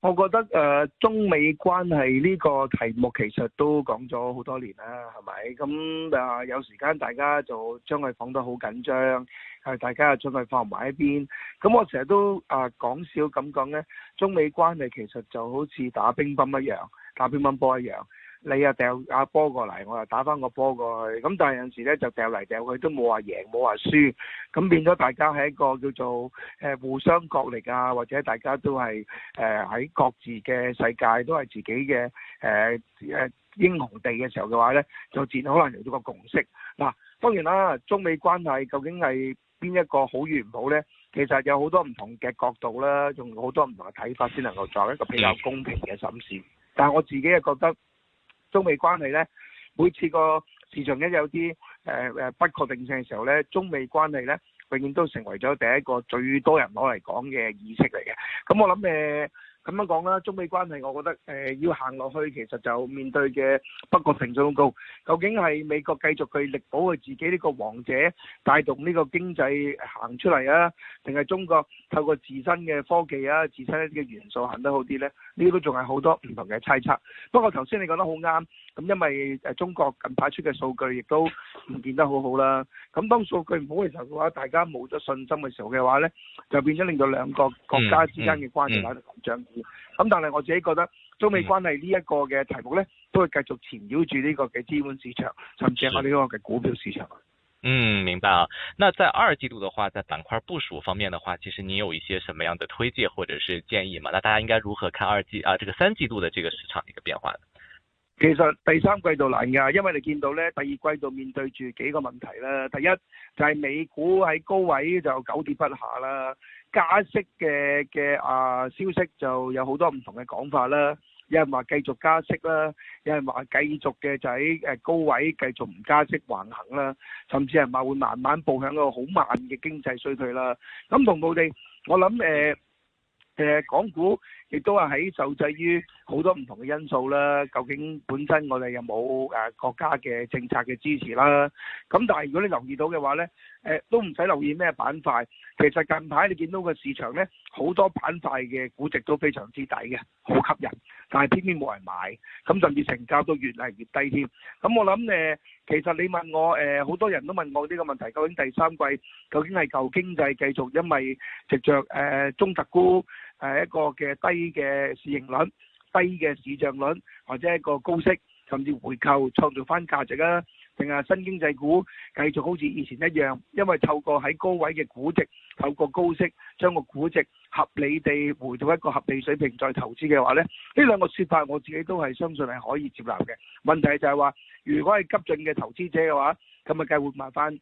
我覺得誒、呃，中美關係呢個題目其實都講咗好多年啦，係咪？咁啊、呃、有時間大家就將佢講得好緊張，誒，大家又將佢放埋一邊。咁我成日都啊講笑咁講呢，中美關係其實就好似打乒乓一樣，打乒乓波一樣。你又掉阿波過嚟，我又打翻個波過去，咁但係有陣時咧就掉嚟掉去都冇話贏冇話輸，咁變咗大家係一個叫做誒互相角力啊，或者大家都係誒喺各自嘅世界都係自己嘅誒誒英雄地嘅時候嘅話咧，就自然可能有咗個共識。嗱，當然啦，中美關係究竟係邊一個好與唔好咧？其實有好多唔同嘅角度啦，用好多唔同嘅睇法，先能夠作一個比較公平嘅審視。但係我自己係覺得。中美關係呢，每次個市場一有啲誒誒不確定性嘅時候，呢中美關係呢，永遠都成為咗第一個最多人攞嚟講嘅意識嚟嘅。咁、嗯、我諗誒。呃咁樣講啦，中美關係，我覺得誒、呃、要行落去，其實就面對嘅不確定性好高。究竟係美國繼續去力保佢自己呢個王者，帶動呢個經濟行出嚟啊，定係中國透過自身嘅科技啊、自身一啲嘅元素行得好啲呢？呢啲都仲係好多唔同嘅猜測。不過頭先你講得好啱。咁因為誒中國近排出嘅數據亦都唔見得好好啦，咁當數據唔好嘅時候嘅話，大家冇咗信心嘅時候嘅話咧，就變咗令到兩個國家之間嘅關係拉得咁張。咁但係我自己覺得中美關係呢一個嘅題目咧，都會繼續纏繞住呢個嘅資本市場，甚至係呢個嘅股票市場。嗯，明白啊。那在二季度嘅話，在板塊部署方面嘅話，其實你有一些什麼樣的推介或者是建議嘛？那大家應該如何看二季啊，這個三季度的這個市場一個變化？其實第三季度難㗎，因為你見到呢，第二季度面對住幾個問題啦。第一就係美股喺高位就久跌不下啦，加息嘅嘅啊消息就有好多唔同嘅講法啦。有人話繼續加息啦，有人話繼續嘅就喺誒高位繼續唔加息橫行啦，甚至係話會慢慢步向一個好慢嘅經濟衰退啦。咁同我哋，我諗誒誒港股亦都係喺受制於好多唔同嘅因素啦，究竟本身我哋有冇誒國家嘅政策嘅支持啦？咁但係如果你留意到嘅話咧，誒都唔使留意咩板塊，其實近排你見到個市場咧，好多板塊嘅估值都非常之抵嘅，好吸引，但係偏偏冇人買，咁甚至成交都越嚟越低添。咁我諗誒，其實你問我誒，好多人都問我呢個問題，究竟第三季究竟係舊經濟繼續，因為藉著誒中特估誒一個嘅低嘅市盈率。低嘅市賬率，或者一個高息，甚至回購創造翻價值啊，定係新經濟股繼續好似以前一樣，因為透過喺高位嘅估值，透過高息將個估值合理地回到一個合理水平再投資嘅話呢，呢兩個說法我自己都係相信係可以接納嘅。問題就係話，如果係急進嘅投資者嘅話，咁咪計會買翻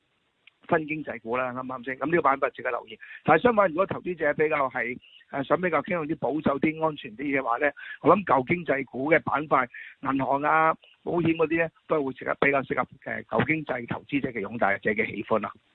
新經濟股啦，啱唔啱先？咁呢個板塊值得留意。但係相反，如果投資者比較係，誒、啊、想比較傾向啲保守啲、安全啲嘅話咧，我諗舊經濟股嘅板塊，銀行啊、保險嗰啲咧，都係會適，比較適合誒舊經濟投資者嘅擁戴者嘅喜歡啦、啊。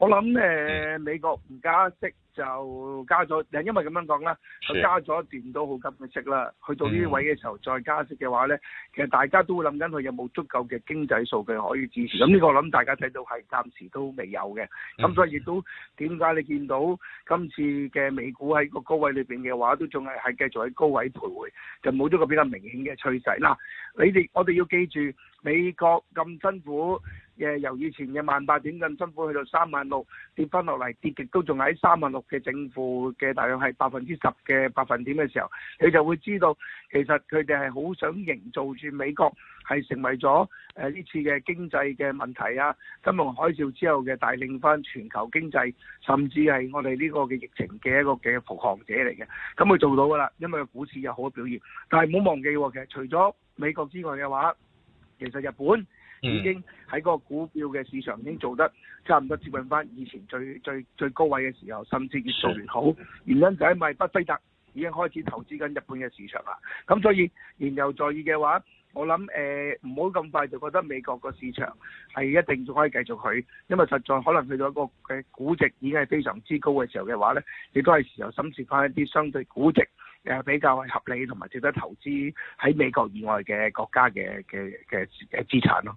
我諗誒、呃嗯、美國唔加息就加咗，因為咁樣講啦，佢加咗電都好急嘅息啦。去到呢啲位嘅時候再加息嘅話咧、嗯，其實大家都會諗緊佢有冇足夠嘅經濟數據可以支持。咁呢個我諗大家睇到係暫時都未有嘅。咁、嗯、所以亦都點解你見到今次嘅美股喺個高位裏邊嘅話，都仲係係繼續喺高位徘徊，就冇咗個比較明顯嘅趨勢。嗱、啊，你哋我哋要記住美國咁辛苦。誒由以前嘅萬八點咁辛苦去到三萬六跌翻落嚟，跌極都仲喺三萬六嘅正負嘅大約係百分之十嘅百分點嘅時候，你就會知道其實佢哋係好想營造住美國係成為咗誒呢次嘅經濟嘅問題啊，金融海嘯之後嘅帶領翻全球經濟，甚至係我哋呢個嘅疫情嘅一個嘅護航者嚟嘅，咁佢做到㗎啦，因為股市有好多表現。但係唔好忘記，哦，其實除咗美國之外嘅話，其實日本。嗯、已經喺嗰個股票嘅市場已經做得差唔多接近翻以前最最最高位嘅時候，甚至越做越好。原因就係因為巴菲特已經開始投資緊日本嘅市場啦。咁所以言猶在耳嘅話，我諗誒唔好咁快就覺得美國個市場係一定仲可以繼續去，因為實在可能去到一個嘅估值已經係非常之高嘅時候嘅話咧，亦都係時候審視翻一啲相對估值誒比較合理同埋值得投資喺美國以外嘅國家嘅嘅嘅誒資產咯。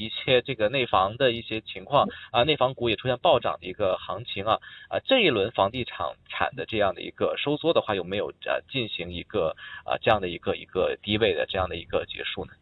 一切，這個內房的一些情況啊，內房股也出現暴漲的一個行情啊啊！這一輪房地產產的這樣的一個收縮的話，有沒有、啊、進行一個啊這樣的一個一個低位的這樣的一個結束呢？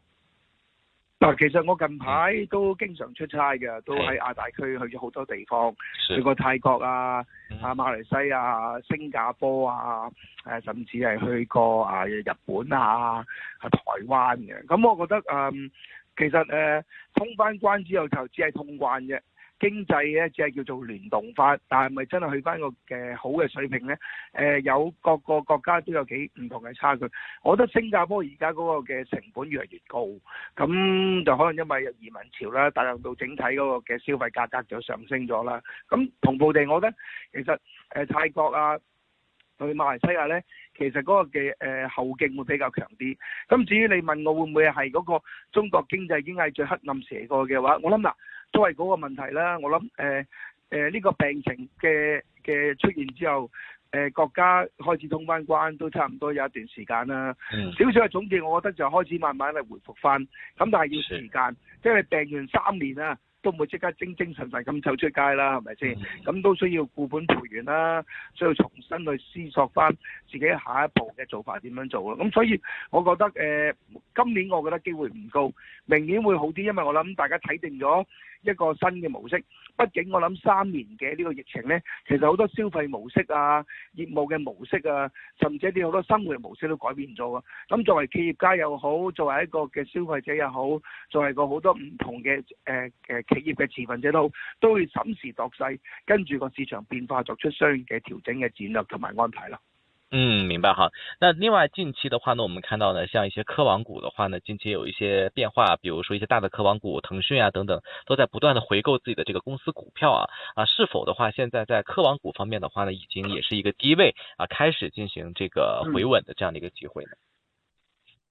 嗱，其實我近排都經常出差嘅，都喺亞太區去咗好多地方，去過泰國啊、啊馬來西亞、新加坡啊，誒、啊，甚至係去過啊日本啊、啊台灣嘅。咁、嗯、我覺得嗯。其實誒通翻關之後就只係通關啫，經濟咧只係叫做聯動化，但係咪真係去翻個嘅好嘅水平咧？誒有各個國家都有幾唔同嘅差距，我覺得新加坡而家嗰個嘅成本越嚟越高，咁就可能因為移民潮啦，帶動到整體嗰個嘅消費價格就上升咗啦。咁同步地，我覺得其實誒泰國啊，同馬來西亞呢，其實嗰個嘅誒、呃、後勁會比較強啲。咁至於你問我會唔會係嗰個中國經濟已經係最黑暗時過嘅話，我諗嗱，都係嗰個問題啦。我諗誒誒呢個病情嘅嘅出現之後，誒、呃、國家開始通翻關,關都差唔多有一段時間啦。少少嘅總結，我覺得就開始慢慢嚟回復翻。咁但係要時間，即係你病完三年啦、啊都唔會即刻精精神神咁走出街啦，係咪先？咁、嗯、都需要固本培元啦，需要重新去思索返自己下一步嘅做法點樣做咯。咁所以我覺得、呃、今年我覺得機會唔高，明年會好啲，因為我諗大家睇定咗一個新嘅模式。畢竟我諗三年嘅呢個疫情呢，其實好多消費模式啊、業務嘅模式啊，甚至一啲好多生活模式都改變咗啊。咁作為企業家又好，作為一個嘅消費者又好，作為一個好多唔同嘅誒誒。呃呃企業嘅持份者都都會審時度勢，跟住個市場變化作出相應嘅調整嘅戰略同埋安排啦。嗯，明白哈。那另外近期的話呢，我們看到呢，像一些科網股的話呢，近期有一些變化，比如說一些大的科網股，騰訊啊等等，都在不斷的回購自己的這個公司股票啊。啊，是否的話，現在在科網股方面的話呢，已經也是一個低位啊，開始進行這個回穩的這樣一個機會呢？嗯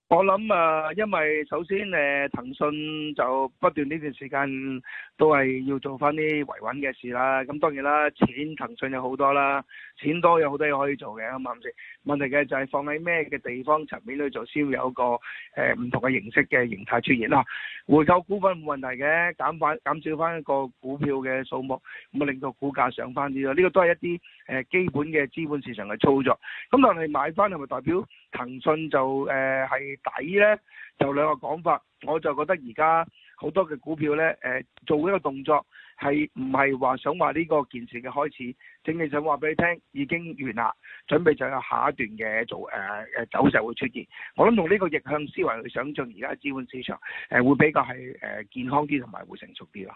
我諗啊，因為首先誒，騰訊就不斷呢段時間都係要做翻啲維穩嘅事啦。咁當然啦，錢騰訊有好多啦，錢多有好多嘢可以做嘅，啱唔啱先？問題嘅就係放喺咩嘅地方層面去做，先會有個誒唔同嘅形式嘅形態出現啦。回購股份冇問題嘅，減翻減少翻一個股票嘅數目，咁啊令到股價上翻啲咯。呢個都係一啲誒基本嘅資本市場嘅操作。咁但係買翻係咪代表？騰訊就誒係、呃、底呢，就兩個講法。我就覺得而家好多嘅股票呢，誒、呃、做呢個動作係唔係話想話呢個件事嘅開始？正正想話俾你聽，已經完啦，準備就有下一段嘅做誒誒、呃、走勢會出現。我諗用呢個逆向思維去想像而家嘅資本市場，誒、呃、會比較係誒、呃、健康啲同埋會成熟啲咯。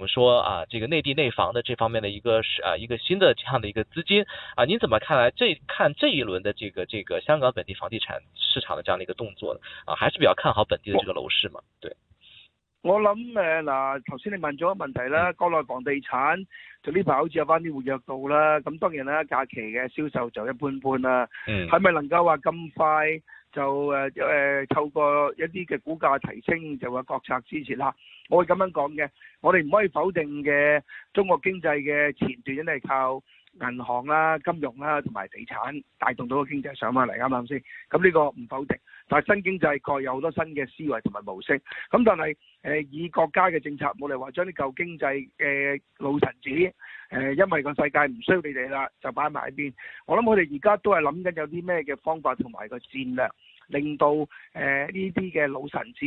我們說啊，這個內地內房的這方面的一個是啊一個新的這樣的一個資金啊，你怎麼看來這看這一輪的這個這個香港本地房地產市場的這樣的一個動作呢？啊，還是比較看好本地的這個樓市嘛？對我諗誒，嗱、呃，頭先你問咗個問題啦，國內房地產就呢排好似有翻啲活躍度啦，咁當然啦，假期嘅銷售就一般般啦，係、嗯、咪能夠話咁快就誒誒、呃、透過一啲嘅股價提升就話國策支持啦。我會咁樣講嘅，我哋唔可以否定嘅，中國經濟嘅前段應該係靠銀行啦、金融啦同埋地產帶動到經濟個經濟上翻嚟，啱唔啱先？咁呢個唔否定，但係新經濟確有好多新嘅思維同埋模式，咁但係誒、呃、以國家嘅政策，我哋話將啲舊經濟嘅老臣子，誒、呃、因為這個世界唔需要你哋啦，就擺埋一邊。我諗佢哋而家都係諗緊有啲咩嘅方法同埋個戰略。令到呢啲嘅老臣子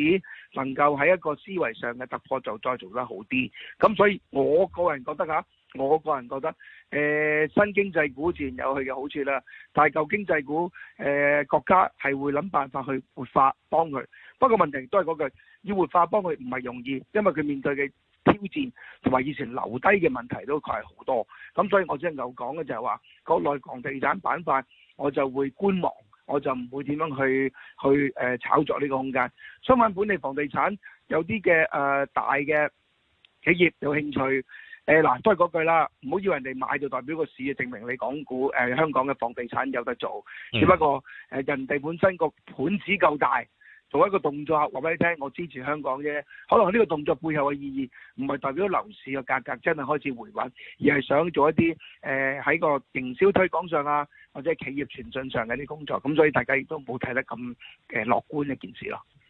能夠喺一個思維上嘅突破就再做得好啲，咁所以我個人覺得啊，我個人覺得、呃、新經濟股自然有佢嘅好處啦，但係舊經濟股、呃、國家係會諗辦法去活化幫佢，不過問題都係嗰句，要活化幫佢唔係容易，因為佢面對嘅挑戰同埋以，以前留低嘅問題都確係好多，咁所以我只能夠講嘅就係話國內房地產板塊我就會觀望。我就唔會點樣去去誒、呃、炒作呢個空間。相反，本地房地產有啲嘅誒大嘅企業有興趣。誒、呃、嗱，都係嗰句啦，唔好以為人哋買就代表個市啊，證明你港股誒、呃、香港嘅房地產有得做。嗯、只不過誒、呃、人哋本身個盤子夠大。做一個動作話俾你聽，我支持香港啫。可能呢個動作背後嘅意義，唔係代表樓市嘅價格真係開始回穩，而係想做一啲誒喺個營銷推廣上啊，或者企業傳訊上嘅啲工作。咁所以大家亦都冇睇得咁誒樂觀一件事咯。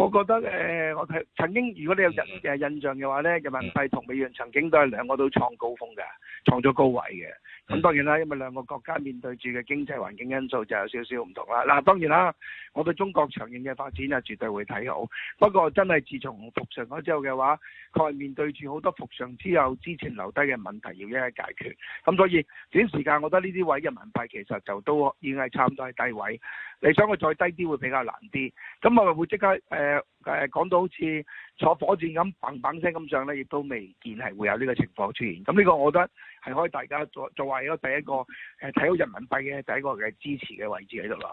我覺得誒、呃，我曾經，如果你有印、呃、印象嘅話咧，人民幣同美元曾經都係兩個都創高峰嘅，創咗高位嘅。咁當然啦，因為兩個國家面對住嘅經濟環境因素就有少少唔同啦。嗱、啊，當然啦，我對中國長遠嘅發展啊，絕對會睇好。不過真係自從復常咗之後嘅話，佢係面對住好多復常之後之前留低嘅問題要一一解決。咁所以短時間，我覺得呢啲位人民幣其實就都已經係差唔多係低位。你想佢再低啲會比較難啲。咁我會會即刻誒誒、呃、講到好似坐火箭咁嘭嘭聲咁上呢，亦都未見係會有呢個情況出現。咁呢個我覺得。係可以大家做做為一個第一個誒，睇好人民幣嘅第一個嘅支持嘅位置喺度啦。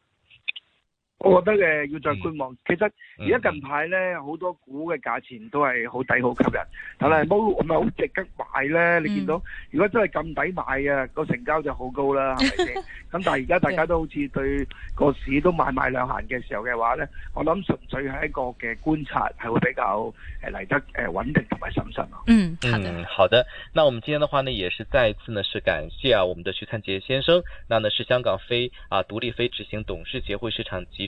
我覺得誒要再觀望，嗯、其實而家近排咧好多股嘅價錢都係好抵好吸引，但係冇唔係好值得買咧。你見到，嗯、如果真係咁抵買啊，個成交就好高啦，係咪先？咁 但係而家大家都好似對個市都買賣兩閒嘅時候嘅話咧，我諗純粹係一個嘅觀察，係會比較誒嚟得誒穩定同埋審慎咯。嗯，嗯，好的。 那我們今天的話呢，也是再一次呢，是感謝啊我們的徐燦傑先生，那呢是香港非啊獨立非執行董事、協會市場及。